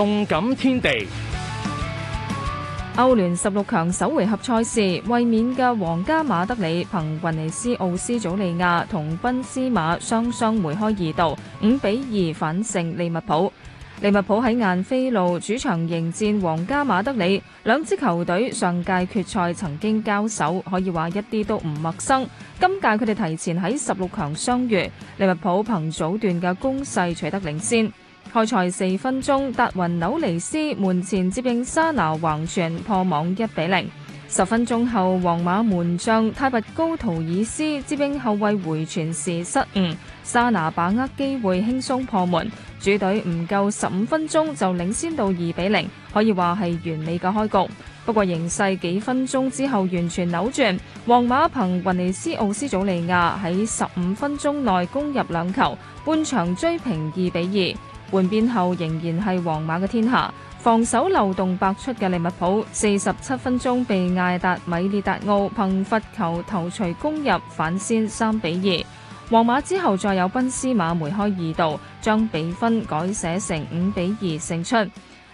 動感天地，歐聯十六強首回合賽事，衛冕嘅皇家馬德里憑雲尼斯奧斯祖利亞同賓斯馬雙雙梅開二度，五比二反勝利物浦。利物浦喺晏菲路主場迎戰皇家馬德里，兩支球隊上屆決賽曾經交手，可以話一啲都唔陌生。今屆佢哋提前喺十六強相遇，利物浦憑早段嘅攻勢取得領先。開賽四分鐘，達雲紐尼斯門前接應沙拿橫傳破網，一比零。十分鐘後，皇馬門將泰拔高圖爾斯接應後衛回傳時失誤，沙拿把握機會輕鬆破門，主隊唔夠十五分鐘就領先到二比零，可以話係完美嘅開局。不過形勢幾分鐘之後完全扭轉，皇馬憑雲尼斯奧斯祖利亞喺十五分鐘內攻入兩球，半場追平，二比二。換邊後仍然係皇馬嘅天下，防守漏洞百出嘅利物浦，四十七分鐘被艾達米列達奧憑罰球頭槌攻入反先三比二。皇馬之後再有賓斯馬梅開二度，將比分改寫成五比二勝出。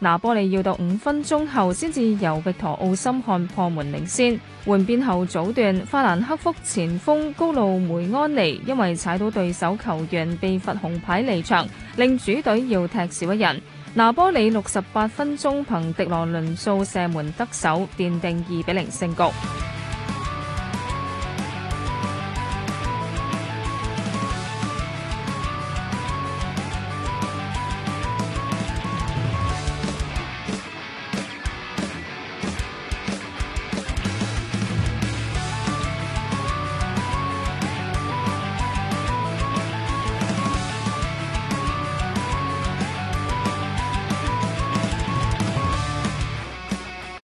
拿波利要到五分鐘後先至由域陀奧森漢破門領先，換邊後早段法蘭克福前鋒高路梅安尼因為踩到對手球員被罰紅牌離場，令主隊要踢少一人。拿波利六十八分鐘憑迪羅倫速射門得手，奠定二比零勝局。